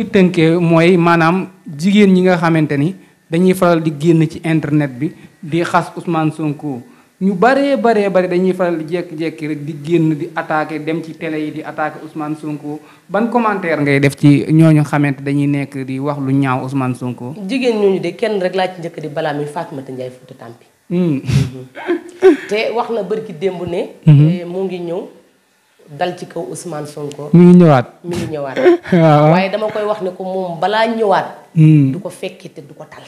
ci tënkee mooy maanaam jigéen ñi nga xamante ni dañuy faral di génn ci internet bi di xas Ousmane Sonko ñu baree baree bare dañuy faral di jékki-jékki rek di génn di attaqué dem ci télé yi di attaqué Ousmane Sonko ban commentaire ngay def ci ñooñu xamante dañuy nekk di wax lu ñaaw Ousmane Sonko. jigéen ñooñu de kenn rek laa ci njëkk di balaa mi Fatoumata Ndiaye Fouta Tampi. Hmm. te wax na bërki démb ne. Hmm. Eh, mu ngi ñëw. dal ci kaw Ousmane Sonko. mi ngi ñëwaat mi ngi ñëwaat. waaye dama koy wax ne ko moom balaa ñëwaat. Hmm. du ko fekkee te du ko tal.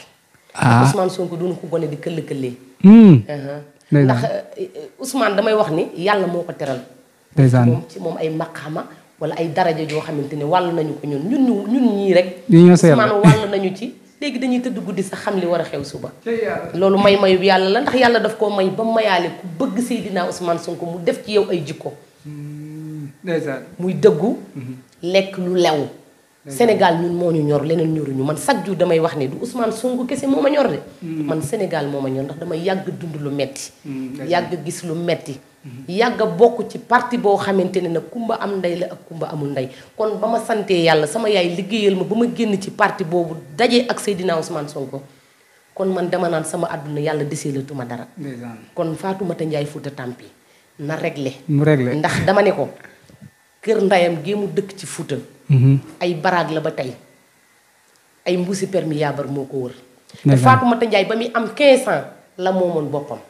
ah Ousmane Sonko duñu ko gone di këll këllee. Hmm. Uh-huh. ndax eh, Ousmane damay wax ni yàlla moo ko teral. ndeysaan moom ci moom ay maqaama wala ay daraja joo xamante ne wàll nañu ñun ñun ñii rek. ñoo Ousmane wàll ci. léegi dañuy tëdd guddi sax xam li war a xew suba may mayu yàlla la ndax yàlla daf koo may ba mayaale ku bëgg Seydina Ousmane Sonko mu def ci yow ay jikko hmm. muy dëggu mhm. lekk lu lew Sénégal ñun moo ñu ñor leneen ñoruñu man chaque jour damay wax ne du Ousmane Sonko kese moo ma ñor de mhm. man Sénégal moo ma ñor ndax damay yàgg dund lu metti mhm, yàgg gis lu metti yàgg bokk ci parti boo xamante ne nag kumba am ndey la ak kumba amul ndey kon ba ma santee yàlla sama yaay liggéeyal ma ba ma génn ci parti boobu daje ak Seydina Ousmane ko kon man dama naan sama àdduna yàlla deseelatuma dara kon Fatoumata Ndiaye Fouta Tampi na réglé mu ndax dama ne ko kër ndeyam gi dëkk ci Fuuta mhm. ay baraag la ba tey ay mbuusi permis yaabar moo ko wër te Faatumata Njaay ba muy am 15 ans la moomoon boppam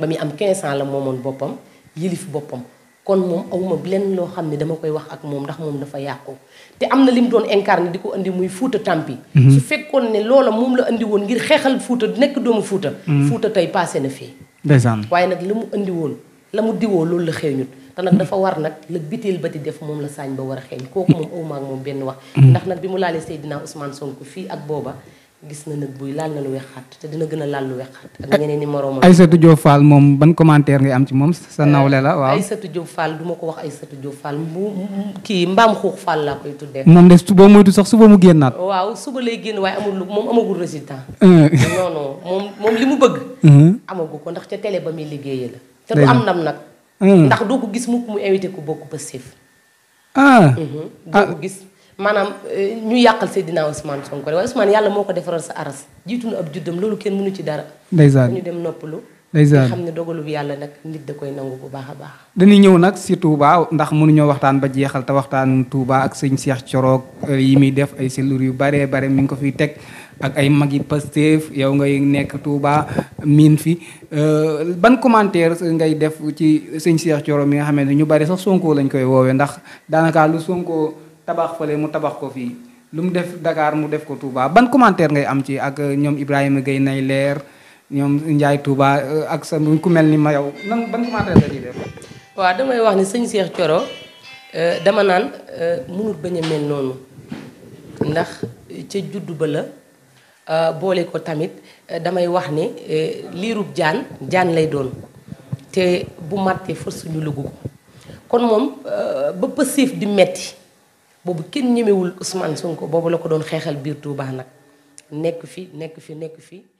ba muy am 15 ans la moomoon boppam yilif boppam kon moom awuma lenn loo xam ne dama koy wax ak moom ndax moom dafa yàqu te am na lim doon incarné di ko indi muy fuuta tampi mhm. su fekkoon ne loola moom la indi woon ngir xeexal fuuta nekk doomu fuuta mhm. fuuta tey passé na fii ndeysaan waaye nag li mu andi woon la mu diwoo loolu la xeeñut te nag dafa war nag la biteel ba di def moom la saañ ba war a xeeñ kooku moom awma moom benn wax mm-hmm. ndax nag bi mu laalee Seydina Ousmane Sonko fii ak booba gis na nag buy laal na lu weex xat te dina gën a laal lu weex xat ak ñeneen ni moroomam Aïssatou moom ban commentaire ngay am ci moom sa euh, nawle la waaw Aïssatou Diop Fall du ma ko wax Aïssatou Diop Fall mu kii mbaam xuux Fall laa koy tuddee moom de boo moytu sax suba mu génnaat waaw suba lay génn waaye amul lu moom amagul résultat euh. non non moom moom li mu bëgg mm-hmm. amagu ko ndax ca tele ba muy liggéeyee la te du am ndam nag. Hmm. ndax doo ko gis mukk mu invité ko bokk Pastef. ah mhm. doo ko ah. gis maanaam euh, ñu yàqal Seydina Ousmane Sonko waaye Ousmane yàlla moo ko defaral sa aras jiitu na ab juddam loolu kenn mënu ci dara. ndeysaan ñu dem noppalu. ndeysaan xam ne dogalu bi nag nit da koy nangu bu baax a baax. dañuy ñëw nag si Touba ndax mënuñoo waxtaan ba jeexal te waxtaan Touba ak sëñ Cheikh Coroog euh, yi muy def ay silur yu baree bare mi ngi ko fiy teg. ak ay mag magi Pastef yow ngay nekk Touba miin fi euh, ban commentaire ngay def ci sëñ Cheikh Thioro mi nga xamante ne ñu bari sax Sonko lañ koy woowee ndax daanaka lu Sonko tabax fële mu tabax ko fii lu mu def dakaar mu def ko Touba ban commentaire ngay am ci ak ñoom Ibrahima Gueye nay leer ñoom njaay tuuba euh, ak sa ku mel ni ma yow nan ban commentaire nga ciy def. waaw damay wax ni sëñ Cheikh Thioro euh, dama naan mënut bañ a noonu ndax ca juddu ba la. Euh, boole ko tamit euh, damay wax ne euh, liiru jaan jaan lay doon te bu màttee fa suñu lugu ko kon moom ba pësiif di metti boobu kenn ñemewul Ousmane Sonko boobu la ko doon xeexal biir Touba nag nekk fi nekk fi nekk fi